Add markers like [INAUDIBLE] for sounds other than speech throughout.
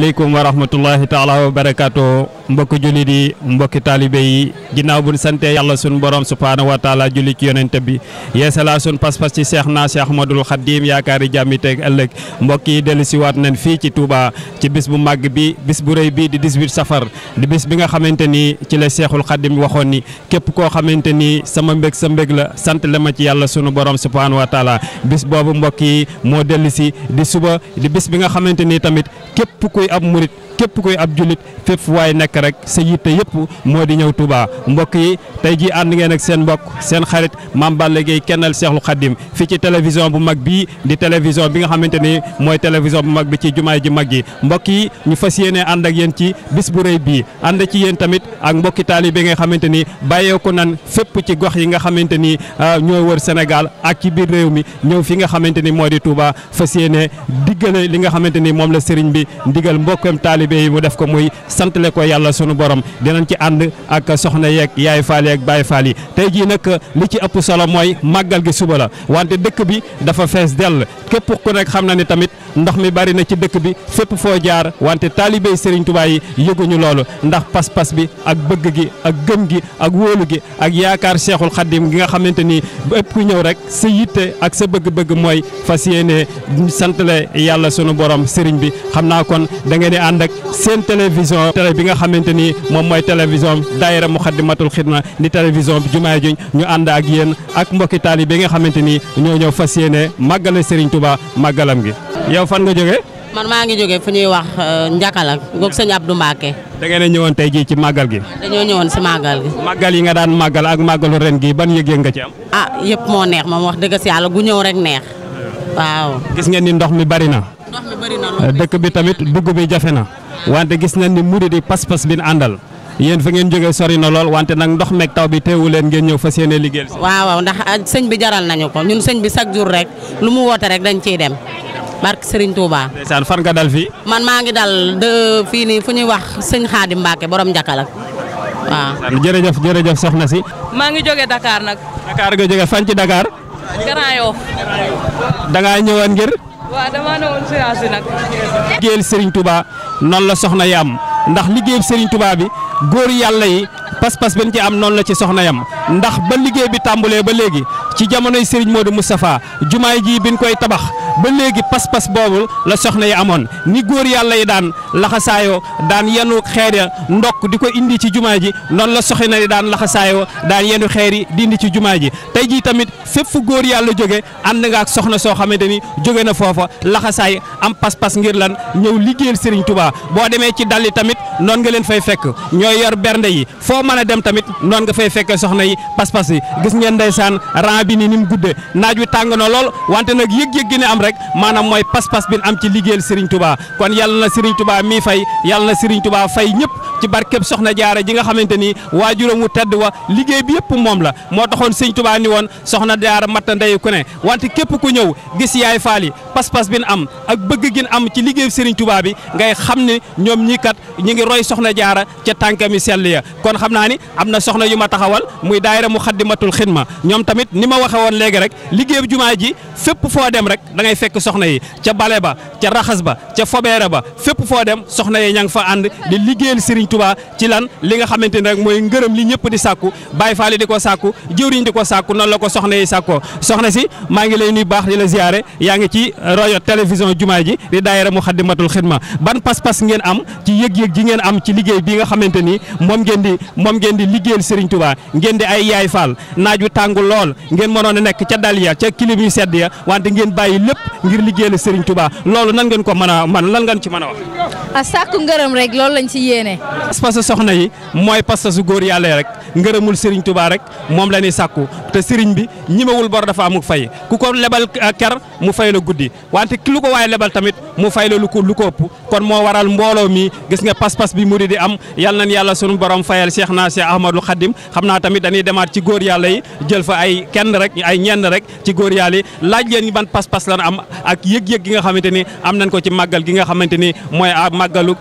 aleykum wa rahmatullahi taala wa barakatuh mbokki jullit yi mbokki taalibe yi ginnaaw bu ñu santee yàlla sunu borom subhaanahu wa julli ci yonent bi yeesalaa sunu pas-pas ci seex naa seex ahmadul xadim yaakaari jàmmi teeg ëllëg mbokk yi dellu si waat nañ fii ci Touba ci bis bu màgg bi bis bu rëy bi di safar di bis bi nga xamante ni ci la seexul xadim waxoon ni képp koo xamante ni sama mbég sa mbég la sant la ma ci yàlla sunu borom subhaanahu wa taala bis boobu mbokk yi moo dellu si di suba di képp kuy ab jullit fépp waaye nekk rek sa yitte yëpp moo di ñëw Touba mbokk yi tey jii ànd ngeen ak seen mbokk seen xarit Mame Balla Gueye kennal Seexul Xaddim fii ci télévision bu mag bii di télévision bi nga xamante ni mooy télévision bu mag bi ci jumaay ji mag yi mbokk yi ñu fas yéene ànd ak yéen ci bis bu rëy bii ànd ci yéen tamit ak mbokki taalibe yi nga xamante ni bàyyeeku nan fépp ci gox yi nga xamante ni euh, ñoo wër Sénégal ak ci biir réew mi ñëw fi nga xamante ni moo di Touba fas yéene diggale li nga xamante ni moom la sëriñ bi taalibe yi mu def ko muy santale ko yàlla sunu borom dinañ ci ànd ak soxna yeek yaay faal yeeg baay faal yi tey jii nag li ci ëpp solo mooy màggal gi suba la wante dëkk bi dafa fees dell képp ku nekk xam na ni tamit ndox mi bari na ci dëkk bi fépp foo jaar wante taalibe yi Serigne Touba yi yëguñu loolu ndax pas-pas bi ak bëgg gi ak gëm gi ak wóolu gi ak yaakaar Seexul Xaddim gi nga xamante ni ëpp ku ñëw rek sa yitte ak sa bëgg-bëgg mooy fas yéene santale yàlla sunu borom Serigne bi seen télévision télé bi nga xamante ni moom mooy télévision daayira Muxaddamatul Xidma di télévision bi jumaay juñ ñu ànd ak yéen ak mbokki taalibe yi nga xamante ni ñoo ñëw fas yéene màggale Serigne Touba màggalam gi. yow fan nga jóge man maa ngi jóge fu ñuy wax euh, Njakala goog sëñ Abdou Mbacke. da ngeen a ñëwoon tey jii ci màggal gi. dañoo ñëwoon si màggal gi. màggal yi nga daan màggal ak màggalu ren gi ban yëg-yëg nga ci am. ah yëpp moo neex moom wax dëgg si yàlla gu ñëw rek neex. waaw. gis ngeen ni ndox mi bari na. dëkk bi tamit dugg bi jafe na. wante gis nañ ni murid yi pas-pas bi àndal yéen fa ngeen jógee sori na lool wante nag ndox meeg taw bi teewu leen ngeen ñëw fa yéene liggéeyal si. waaw waaw ndax ah, sëñ bi jaral nañu ko ñun sëñ bi chaque jour rek lu mu woote rek dañ ciy dem barke Serigne Touba. ndeysaan far nga dal fii. man maa ngi dal de fii nii fu ñuy wax sëñ Xaadim Mbacke borom Njakala waaw. jërëjëf jërëjëf soxna si. maa ngi jógee dakaar nag. Dakar nga jógee fan ci Dakar. Grand Yoff. da ngaa waaw damaa ne woon séance la soxna yi am ndax liggéeyal Serigne tubaa bi góor yàlla yi pas-pas bi ñu ci am noonu la ci soxna yam ndax ba liggéey bi tàmbulee ba léegi ci jamonoy Serigne Modou Moustapha jumaay ji bi koy tabax. ba léegi pas-pas boobu la soxna yi amoon ni góor yàlla yi daan laxasaayoo daan yenu xeer ya ndokk di ko indi ci jumaa ji noonu la soxna yi daan laxasaayoo daan yenu xeer yi di indi ci jumaa ji tey jii tamit fépp fu góor yàlla jóge ànd nga ak soxna soo xamante ni jóge na foofa laxasaay am pas-pas ngir lan ñëw liggéeyal Serigne Touba boo demee ci dal yi tamit noonu nga leen fay fekk ñoo yor bernde yi foo mën a dem tamit noonu nga fay fekkee soxna yi pas-pas yi gis ngeen ndeysaan rang bi ni ni mu guddee naaj wi tàng na lool wante nag yëg rek maanaam mooy pas-pas bin am ci liggéeyal Serigne Touba kon yàlla na Serigne Touba mii fay yàlla na Serigne Touba fay ñëpp ci barkeb soxna jaara ji nga xamante ni waajuram tedd wa liggéey bi yëpp moom la moo taxoon Serigne Touba ni woon soxna jaara matta ndeyu ku ne wante képp ku ñëw gis yaay faali pas-pas bin am ak bëgg gin am ci liggéey Serigne Touba bi ngay xam ne ñoom ñii kat ñu ngi roy soxna jaara ca tànkami sell ya kon xam naa ni am na soxna yu ma taxawal muy mu xaddimatul xidma ñoom tamit ni ma waxe woon léegi rek liggéey ngay fekk soxna yi ca bale ba ca raxas ba ca fobeere ba foo dem soxna yee ña nga fa ànd di liggéeyal Serigne Touba ci lan li nga xamante ni rek mooy ngërëm li ñëpp di sàkku Baye Fall di ko sàkku jëwriñ di ko sàkku noonu la ko soxna yi sàkkoo soxna si maa ngi lay nuyu baax di la ziyaare yaa ngi ci rajo télévision jumaa ji di daayira Muxaddamatul Xidma ban pas-pas ngeen am ci yëg-yëg ji ngeen am ci liggéey bi nga xamante ni moom ngeen di moom ngeen di liggéeyal Serigne Touba ngeen di ay yaay Fall naaj wu tàngu lool ngeen mënoon a nekk ca dal ya ca kilim yu wante ngeen bàyyi lépp ngir liggéeyal Serigne Touba loolu nan ngeen ko mën a man lan ci mën a wax a sàkku ngërëm rek loolu lañ ci yéene. pas-pasu soxna yi mooy pas-pasu góor yàlla rek ngërëmul Serigne Touba rek moom la ñuy sàkku te Serigne bi ñimewul bor dafa euh, mi gis nga pas-pas bi mu di di am yal nañ yàlla sunu borom fayal Cheikh naa Cheikh Ahmadou ak yëg-yëg gi nga xamante am nañ ko ci màggal gi nga xamante mooy mooy a màggalu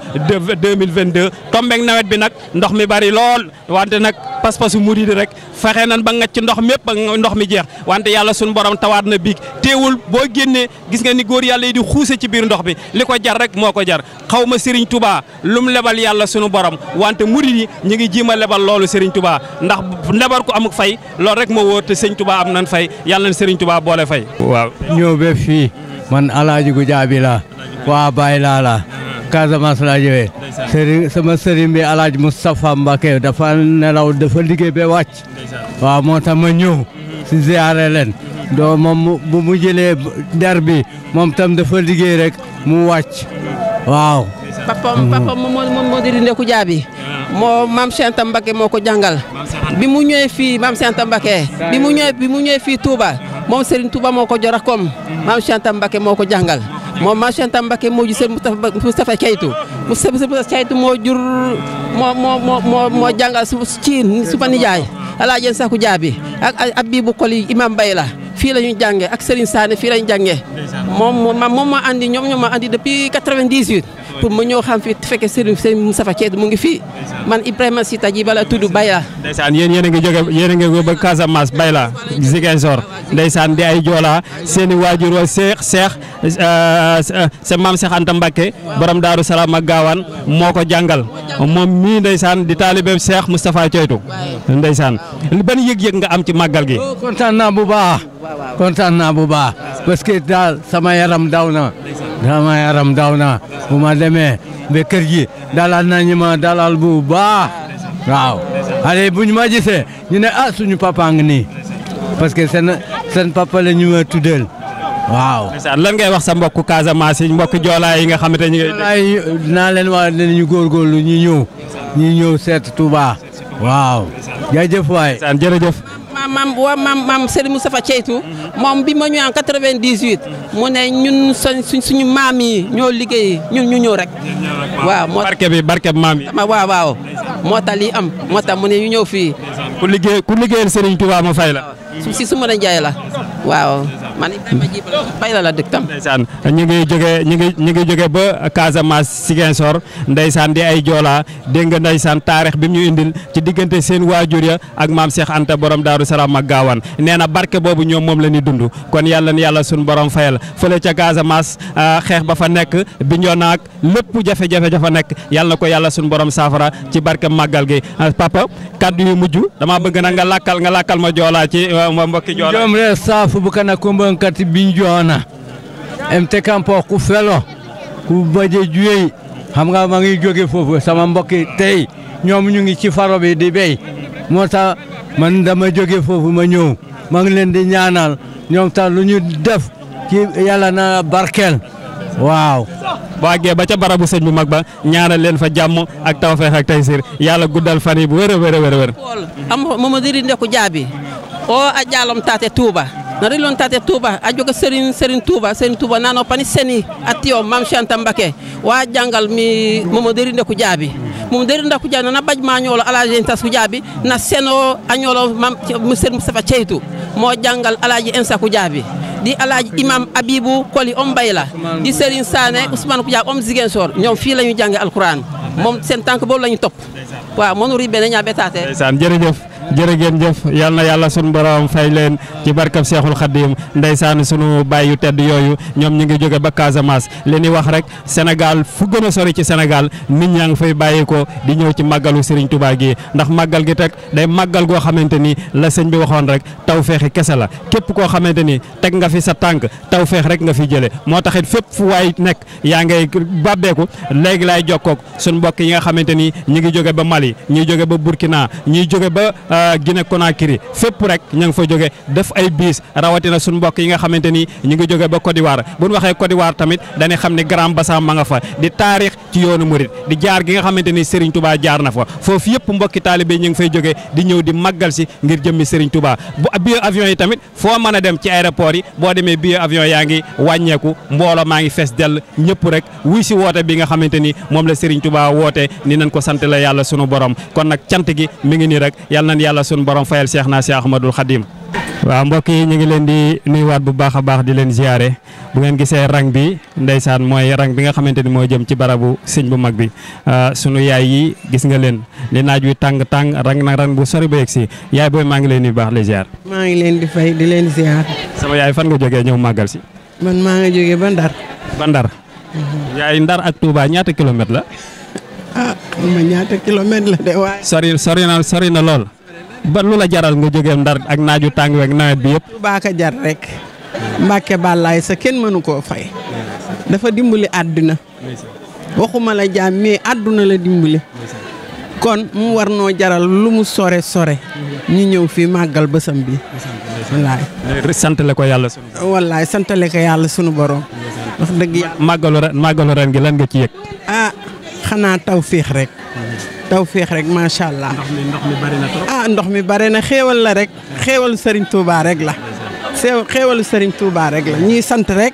deux mille vingt deux tombeeg nawet bi nag ndox mi bari lool wante nag pas-pasu murid rek fexe nan ba ngacc ndox mépp ba ndox mi jeex wante yàlla suñu borom tawaat na biig teewul boo génnee gis nga ni góor yàlla yi di xuuse ci biir ndox bi li ko jar rek moo ko jar xaw ma Serigne Touba lu mu lebal yàlla sunu borom wante murid yi ñu ngi jiima lebal loolu Serigne Touba ndax lebar ko amuk fay loolu rek moo wóor te Serigne tubaa am nan fay yàlla na Serigne Touba boole fay. waa Casamance laa ñëwee sëriñ sama sëriñ bi alaaj Moustapha Mbacke dafa nelaw dafa liggéey ba wàcc waaw moo tax ma ñëw mhm. si ziare leen mhm. doo moom bu mu jëlee der dafa liggéey rek mu wàcc mhm. waaw papam papam moom moo di dinde ku ah. moo maam Senta Mbacke moo ko bi mu ñëwee fii maam Senta bi mu ñëwee bi mu ñëwee fii moo ko jorakom moom maam Cheikh Anta Mbacké moo jur sëñ Moustapha Moustapha Caytu Moustapha Caytu moo jur moo moo moo moo jàngal su ciin su ma nijaay alaajeen saku jaabi ak ab bii bu kol yi imam bay la fii la ñu jànge ak Serigne Sané fii la ñu jànge moom moom ma andi ñoom ñoom ma andi depuis 98 pour ma ñëw xam fi fekke Serigne Serigne a Caytu mu ngi fi man Ibrahima Sita ji bala tudd bay la ndeysaan yéen a ngi jóge yéen a ngi jóge ba Casamance bay la Ziguinchor ndeysaan di ay joola seen i waajur wa seex seex sa euh, euh, maam Cheikh Anta borom Daaru Salaam ak Gaawaan moo ko jàngal moom mii ndeysaan di taalibeem Cheikh Moustapha Coytu ndeysaan ban yëg-yëg nga am ci màggal gi. Oh, kontaan naa bu baax kontaan naa bu baax parce que daal sama yaram daw na sama yaram daw na bu ma demee ba kër gi dalal nañu ma dalal bu baax waaw ale bu ñu ma gisee ñu ne ah suñu papa ngi nii parce que seen seen papa la ñu ma tuddeel waaw lan ngay wax sa mbokku Casamance yi mbokku Joola yi nga xamante ne ñu ngi. Joola yi dinaa leen wax ne ñu góorgóorlu ñu ñëw ñu ñëw seet Touba waaw jaajëf waay. jërëjëf. maam maam mu Serigne Ceytu moom bi ma ñëw en 98 mu ne ñun suñ suñu maam yi ñoo liggéey ñu ñëw rek. waaw moo barke yi. waaw moo tax lii am moo tax mu ne ñu ñëw fii. ku liggéey ku liggéeyal Serigne Touba ma fay la. si suma na la waaw. man Ibrahima Djiba ñu ngi jógee ñu ngi ñu ngi jógee ba Casamance Ziguinchor ndeysaan di ay Joola dégg nga ndeysaan taarix bi mu ñu diggante seen waajur ya ak maam Cheikh Anta borom Daaru Salaam ak Gaawaan nee na barke boobu ñoom moom la ñuy dund kon yàlla na yàlla suñu borom fayal fële ca Casamance euh, xeex ba fa nekk bi ñoo naag lépp jafe-jafe dafa nekk yàlla ko yàlla suñu borom safara ci barke màggal gi euh, papa kaddu yu mujj damaa bëgg na nga lakkal nga lakkal ma Joola ci euh, mbokki Joola. nonkati bin joona em tekan poox ku felo ku baje juyeey xam nga ma ngi jóge foofu sama mbokki tey ñoom ñu ngi ci faro bi di béy moo tax man dama jóge foofu ma ñëw ma ngi leen di ñaanaal ñoom ta lu ñu def ci yàlla na barkeel waaw waagee ba ca barabu sëñ bu mag ba ñaanal leen fa jàmm ak tawfeex ak taysir yàlla guddal fan yi bu wér a wér a wér am momadiri ndeku o a jaalom taate naɗo illontade touba a joga sérin sérin touba sérin touba nano pani seni attiyo mam chanta mbake wa jangal mi momo deri nde ko jaabi momo deri nde ko jaabi nana ɓaj ma ñoolo alaji en tas ko jaabi na seno a ñoolo mam monsieur moustapha ceytu mo jangal alaji en sa ko jaabi ɗi alaji imam abibou koli on mbayla ɗi sérin sane ousmane ko jaabi on ziguinchor ñoom fii la ñu jànge alqouran moom seen tànk boobu la ñu topp waaw monu riɓe ne ñaaɓe tate jërëjëf jërë ngeen jëf yal na yàlla sunu borom fay leen ci barkab Seexul Xaddiim ndeysaan sunu baay yu tedd yooyu ñoom ñu ngi jóge ba Casamance leen ñuy wax rek Sénégal fu gën a sori ci Sénégal nit ñaa ngi fay bàyyi ko di ñëw ci màggalu sëriñ Touba gi ndax màggal gi teg day màggal goo xamante ni la sëñ bi waxoon rek taw feexi kese la képp koo xamante ni teg nga fi sa tànk taw feex rek nga fi jële moo taxit fépp fu waay nekk yaa ngay bàbbeeku léegi laay jokkoog sunu mbokk yi nga xamante ni ñu ngi jóge ba Mali ñuy jóge Euh, Guinée Conakry fépp rek ña ngi fa jóge def ay biis rawatina suñu mbokk yi nga xamante ni ñu ngi jóge ba Côte d'Ivoire bu ñu waxee Côte d'Ivoire tamit dañuy xam ne Grand Bassam ma nga fa di taarix ci yoonu murit di jaar gi nga xamante ni Serigne Touba jaar na fa foofu yëpp mbokki taalibe ñu ngi fay jóge di ñëw di màggal si ngir jëmmi Serigne Touba bu avion yi tamit foo mën a dem ci aéroport yi boo demee bi avion yaa ngi wàññeeku mbooloo maa ngi fees dell ñëpp rek wuy si woote bi nga xamante ni moom la Serigne Touba woote ni nañ ko sant la yàlla sunu yàlla sunu borom fayal Cheikh naa Cheikh Ahmadul Khadim. waaw mbokk di nuyuwaat bu baax a baax di leen ziare bu ngeen gisee rang bi ndeysaan mooy rang bi nga xamante ni moo jëm ci barabu sëñ bu mag bi euh, sunu yaay yi gis nga leen li naaj wi tàng tàng rang na rang bu ba si yaay booy maa ngi leen di baax di ziar. maa ngi leen di fay di leen ziar. sama yaay fan nga jógee ñëw màggal si. man maa nga jógee ba Ndar. ba Ndar. Mhm. yaay Ndar ak la. ah sori na lool. ba lu la jaral nga jógee ndar ak naaju tàng weeg nawet bi yëpp. lu baax a jar rek. Mbàkke bàllaay sa kenn mënu koo fay. dafa dimbali àdduna waxuma la jaam mais àdduna la dimbali. kon mu war noo jaral lu mu sore sore. ñu ñëw fii màggal bësam bi. wallaay. santale ko yàlla sunu. santale ko yàlla sunu borom. wax dëgg yàlla màggalu ren màggalu ren gi lan nga ci yëg. Ah, xanaa taw féex rek. taw féex rek macha allah. ndox mi ndox na trop. Ah, xéewal la rek. xéewalu Serigne Touba rek la. sew xéewalu Serigne Touba rek la ñuy sant rek.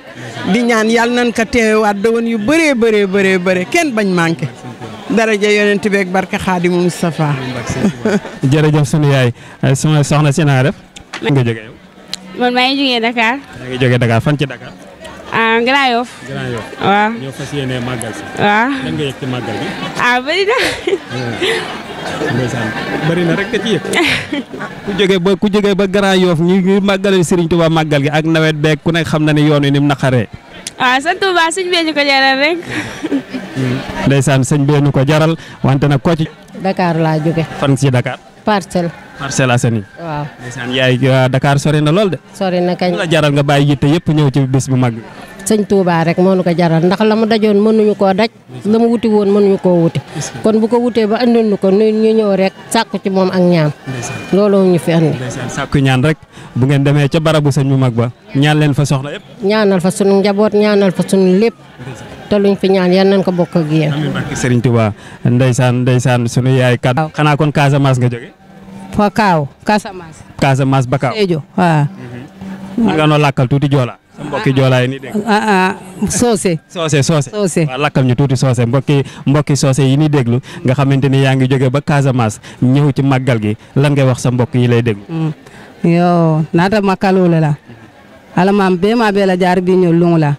di ñaan yàlla nañ ko waa dëwën yu bëree bëree bëree bëri kenn bañ manqué. daraja yonent beeg barke Xaadimu Mustafa. [LAUGHS] jërëjëf sunu yaay eh, sama soxna si naa def. nga jógee yow. man maa ngi jógee Dakar. fan ci Dakar. ah Grand Yoff. Grand Yoff. waaw ñoo fas yéenee màggal si. màggal bi. ah bëri [LAUGHS] ndeysaan bëri rek nga ci yëg. [LAUGHS] ku jógee ba ku jógee ba Grand Yoff ñu ngi màggalee Serigne màggal gi ak nawet beeg ku nekk xam na ni yoon wi ni mu naqaree. waaw ah, sant bu baax bee ñu ko jaral rek. ndeysaan sëñ bee ñu ko jaral wante nag ko ci. laa jóge. fan si Dakar. parcelle. Parcelles Assainies. waaw ndeysaan yaay euh, Dakar sori na lool de. sori na kañ la jaral nga bàyyi yitte yëpp ñëw ci bés bu mag bi. sëñ Touba rek moo nu ko jaral ndax la mu dajoon mënuñu koo daj. la mu wuti woon mënuñu koo wuti. kon bu ko wutee ba andil ñu ko ñu ñëw rek sàkku ci moom ak ñaan. looloo ñu fi andi. sàkku ñaan rek bu ngeen demee ca barabu sëñ bu mag ba ñaan leen fa soxla yëpp. ñaanal fa sunu njaboot ñaanal fa sunu lépp. te luñ fi ñaan yan nañ ko bokk ak yéen. amiin barke Serigne Touba ndeysaan ndeysaan sunu yaay kàddu. xanaa kon Casamance nga jóge fa Kaaw Casamance. Casamance ba Kaaw Sédhiou mm-hmm. nga noo lakkal tuuti Joola. sa mbokki ah. Joola yi nii dégg. soose. soose soose soose. ñu tuuti soose mbokki mbokki soose yi ni déglu nga xamante ni yaa ngi jóge ba Casamance ñëw ci màggal gi lan ngay wax sa mbokk ñu lay déglu. Mm. yo naata makkaloo la la. bee maa bee la jaar bii ñëw luŋu la.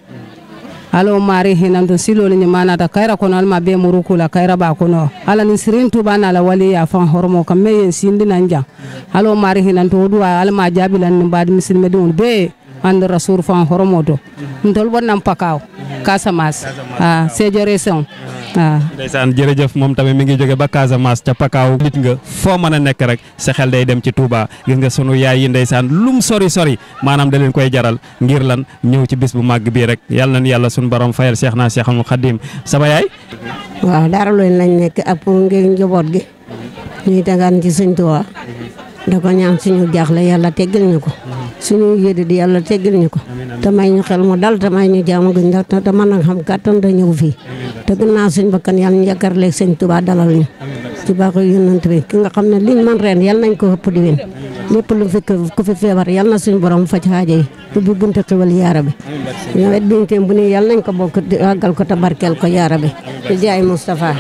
ala o mari hinanto silolu ñumanata kayra kono alma be murukula kayra ba kono ala ni sirin tuba na ala wali ya fan hormo kam me yen sindi nan jang ala o mari hinanto o duwa alma jabilan ni baadi misilmediŋol bee ande rasur fan horomodo ndol bonnam pakaw casamance a sediore son waaw ah. Ah. ndeysaan jërëjëf moom tamit mu ngi jóge ba Casamance ca Pakaaw nit nga foo mën a nekk rek sa xel day dem ci Touba gis nga sunu yaay yi ndeysaan lum sori sori maanaam da koy jaral ngir lan ñëw ci bis bu màgg bii rek yal nañu yàlla sunu borom fayal seex naa Cheikhul Khadim sama yaay. waaw dara loolu lañ nekk ak pour ngir njaboot gi ñuy dangaan ci Sëñ Tuubaa da ko ñaan suñu jaaxle yàlla teggil ñu ko suñu yéede di yàlla teggil ñu ko te may ñu xel mu dal te may ñu jaamu gën ndax te mën na xam kàttan da ñëw fii te gën naa suñ bakkan yàlla ñu yaakaar léegi sëñ Tuubaa dalal ñu ci baaxu yónnante bi ki nga xam ne liñ man reen yàlla nañ ko ëpp di win lépp lu fi ku fi feebar yàlla na suñu borom faj xaaja yi ubbi bunte xiwal yaara bi nawet bi ñu teem bu ne yàlla nañ ko bokk àggal ko te barkeel ko yaara bi di jaay Moustapha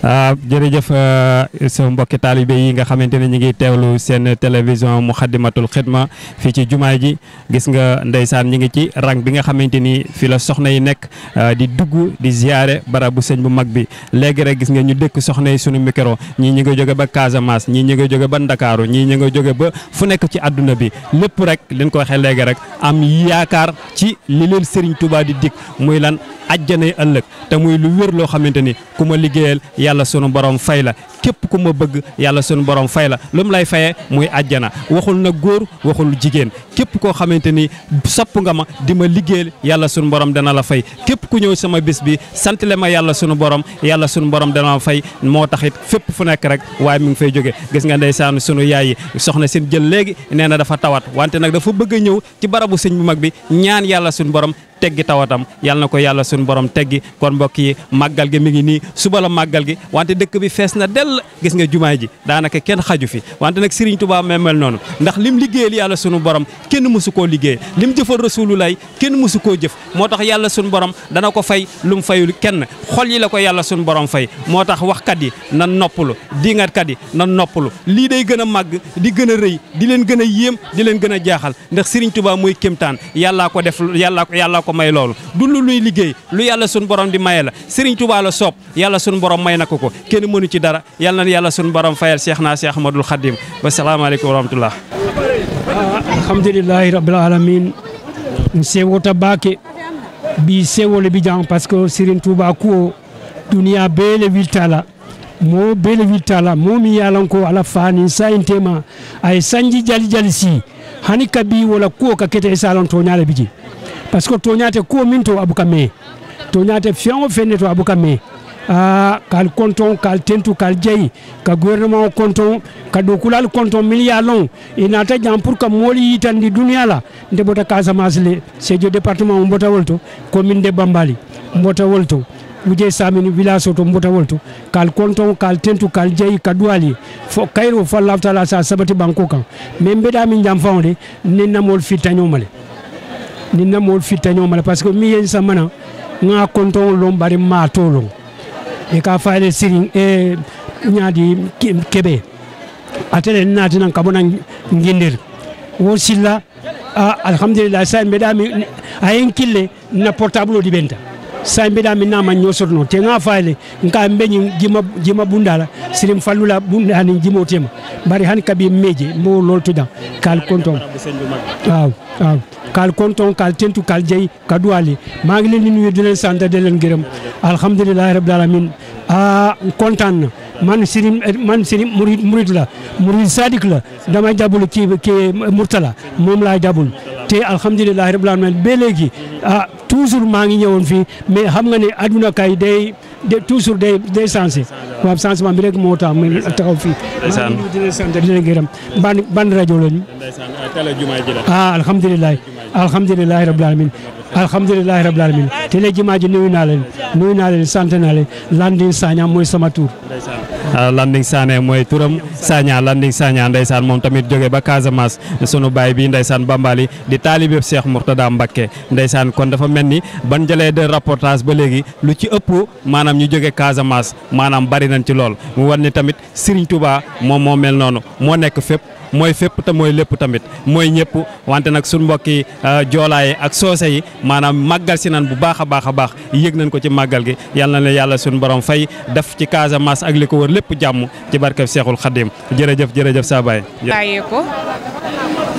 Ah, jërëjëf euh, sa mbokki taalibe yi nga xamante ne ñu ngi teewlu seen télévision Muxaddamatul Xidma fii ci jumaa ji gis nga ndeysaan ñu ngi ci rang bi nga xamante ni fi la soxna yi nekk euh, di dugg di ziyaare barabu sëñ bu mag bi léegi rek gis nga ñu dëkk soxna yi sunu micro ñii ñu nga jóge ba Casamance ñii ñu ngi jóge ba Ndakaaru ñii ñu nga jóge ba fu nekk ci àdduna bi lépp rek liñ ko waxee léegi rek am yaakaar ci li leen Serigne Touba di dik muy lan ajjanay ëllëg te muy lu wér loo xamante ni ku ma liggéeyal yàlla sunu borom fay la képp ku ma bëgg yàlla sunu borom fay la lu mu lay fayee muy àjjana waxul na góor waxul jigéen képp koo xamante ni sopp nga ma di ma liggéeyal yàlla sunu borom dana la fay képp ku ñëw sama bis bi sant le ma yàlla sunu borom yàlla sunu borom dana fay moo taxit fépp fu nekk rek waaye mu ngi fay jóge gis nga ndeysaan sunu yaay yi soxna seen jël léegi nee na dafa tawat wante nag dafa bëgg a ñëw ci barabu sëñ bu mag bi ñaan yàlla sunu borom teggi tawatam yàlla na ko yàlla sunu borom teggi kon mbokk yi màggal gi mi ngi nii suba la gi dell gis nga jumaay ji daanaka kenn xaju fi wante nag Serigne Touba mel noonu ndax lim liggéeyal yàlla sunu borom kenn mësu koo liggéey lim jëfal rasulullaay kenn mësu koo jëf moo tax yàlla sunu borom dana ko fay lu mu fayul kenn xol yi la ko yàlla sunu borom fay moo tax waxkat yi nan noppalu diingatkat yi nan noppalu lii day gën a màgg di gën a rëy di leen gën a yéem di leen gën a jaaxal ndax Serigne Touba mooy kéemtaan yàllaa ko def yàllaa ko yàllaa ko may loolu du lu luy liggéey lu yàlla sunu borom di maye la Serigne Touba la soob yàlla sunu borom may ko ko yal na yàlla sunu borom fayal Cheikh naa Cheikh Ahmadul Khadim wa salaamaaleykum wa rahmatullah. alhamdulillahi rabbil alamin sewota baake bi sewole bi jang parce que Serigne Touba kuwo duniya bee le wiltala mo bee le wiltala mo mi yalanko ala faani sayintema ay sanji jali jali si hani kabi wala kuwo ka kete isalan toñale biji parce que toñate kuwo min to abuka me toñate feŋo fenne to abuka me kal konton kal tentu kal jeyi ka gouvernement o konton ka ɗokulal konton milliard long i nata jam pour que mooli yitandi duniya la nde ɓota casamance le sedio département o mbotawol to commune de bambali mbotawol to wuje samini village o to mbotawol to kal konton kal tentu kal jeyi ka duwali fo kayro fo laftala sa sabati banko kan mais mbeɗamin jam fawde ninnamol fittañomale ninnamol fittañomale par ce que mi yen sammana ga konton lon ɓari ma to lon e ka fayde sirin e ñaadi keɓe atele naati nan kaɓonan guindir wo silla alhamdulillah sa mbeɗami a hen kille na portable o ɗi sambida minna ma nyosorno tenga fale nka mbenyi jima jima bundala sirim falula bunda ni jimo tema bari han kabi meje mo lolto da kal konton aw aw kal konton kal tentu kal jey kaduali magi len ni nuyu dilen sante dilen gërem alhamdullilah rabbil alamin a kontan man sirim man sirim murid murid la murid sadik la dama jabul ki ke murtala mom la jabul te alhamdullilah rabbil alamin be legi ah toujours maa ngi ñëwoon fii mais xam nga ne adduna kay day toujours day day sensé waaw changement bi rek moo tax ma taxaw fii. ndeysaan maa ngi sant di gërëm ban ban rajo la ñu. ah alhamdulilah alhamdulilah rabbil alamin alhamdulilahi rabbil alamin te léegi jumaa ji nuyu naa leen nuyu naa leen sant naa leen Landing Sagna mooy sama tur ah, Landing Sagna mooy turam Sagna Landing Sagna ndeysaan moom tamit jóge ba Casamance sunu baay bi ndeysaan Bambali di taalibe Cheikh Mourtada Mbacké ndeysaan kon dafa mel ni ban jëlee de raportage ba léegi lu ci ëpp maanaam ñu jóge Casamance maanaam bari nañ ci lool mu war ni tamit Serigne Touba moom moo mel noonu moo nekk fépp mooy fépp te mooy lépp tamit mooy ñëpp wante nag suñ mbokki euh, joolaa yi ak soose yi maanaam màggal si nan bu baax a baax a baax yëg nañ ko ci màggal gi yàlla na ne yàlla suñ borom fay def ci Casamance ak li ko wër lépp jàmm ci barkeb Seexul Xadim jërëjëf jërëjëf saa baay bàyyee ko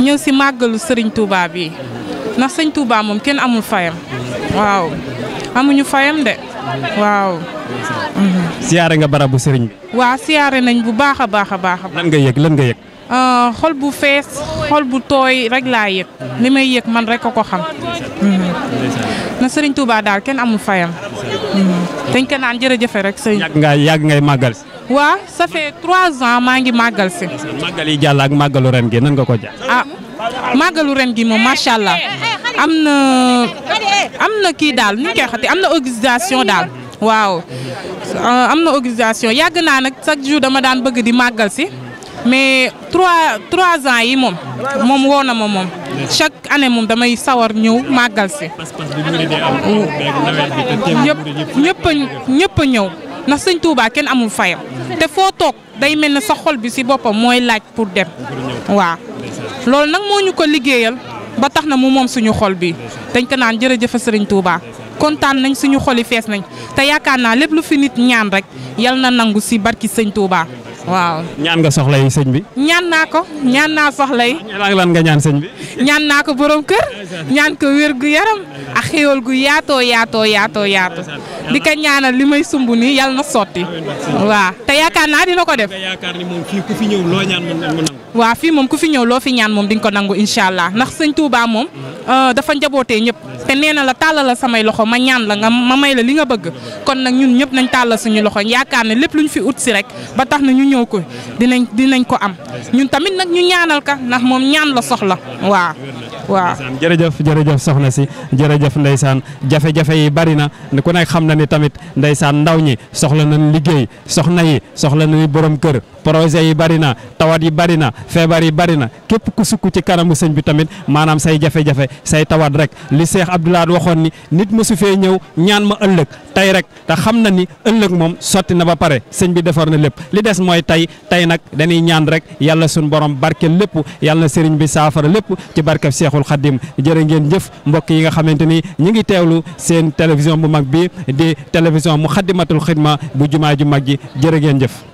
ñëw si màggalu sëriñ Touba bi ndax sëñ Touba moom kenn amul fayam waaw amuñu fayam de waaw siyaare nga barabu sëriñ bi waa siyaare nañ bu baax a baax a baax lan nga yëg lan nga yëg Euh, xol bu fees xol bu tooy rek laa yëg li may yëg man rek a ko xam na Serigne Touba daal kenn amul fayam dañ ko naan jërëjëfe rek sëriñ yàgg nga yàgg ngay màggal si waa ça fait trois maa ngi màggal si màggal yi jàll ak màggalu ren gi nan nga ko jàll ah, màggalu ren gi moom macha allah am na am na kii daal ni ñu koy xati am na organisation daal waaw euh, am na organisation yàgg naa nag chaque jour dama daan bëgg di màggal si mais trois trois ans yi moom moom woo na ma moom chaque année moom damay sawar ñëw màggal si. ñëpp ñëpp ñëpp ñëw ndax sëñ Touba kenn amul fayam te foo toog day mel ne sa xol bi si boppam mooy laaj pour dem waaw loolu nag moo ñu ko liggéeyal ba tax na mu moom suñu xol bi dañ ko naan jërëjëf sëriñ Touba. kontaan nañ suñu xol yi fees nañ te yaakaar naa lépp lu fi nit ñaan rek yal na nangu si barki sëñ Touba. waaw ñaan nga soxla yi sëñ bi. ñaan naa ko ñaan naa soxla yi. lan nga ñaan sëñ bi. ñaan naa ko borom kër. ñaan ko wér gu yaram. xéewal gu yaatoo yaato yaato yaatoo di ko ñaanal li may sumb nii yal na sotti waaw te yaakaar naa dina ko def waa fii moom ku fi ñëw loo fi ñaan moom di ko nangu incha allah ndax sëñ Touba moom euh, dafa njabootee ñëpp te nee na la tàllala samay loxo ma ñaan la nga ma may la li nga bëgg kon nag ñun ñëpp nañ tàllal suñu loxo yaakaar ne lépp ñu fi ut si rek ba tax na ñu ñëw ko dinañ dinañ ko am ñun tamit nag ñu ñaanal ka ndax moom ñaan la soxla waaw waaw ndeysaan jafe-jafe yi bari na ku nekk xam na ni tamit ndeysaan ndaw ñi soxla nañ liggéey soxna yi soxla nañu borom kër projet yi bari na tawat yi bari na feebar yi bari na képp ku sukk ci kanamu sëñ bi tamit maanaam say jafe-jafe say tawat rek li Seex Abdou Lahad waxoon ni nit mosu fee ñëw ñaan ma ëllëg tey rek te xam na ni ëllëg moom sotti na ba pare sëñ bi defar na lépp li des mooy tey tey nag dañuy ñaan rek yàlla suñu borom barke lépp yàlla na sëriñ bi saafara lépp ci barkeb Seexul Xaddim jërë ngeen jëf mbokk yi nga xamante ni ñu ngi teewlu seen télévision bu mag bi di télévision mu xaddimatul xidma bu jumaa ju mag ji jërë ngeen jëf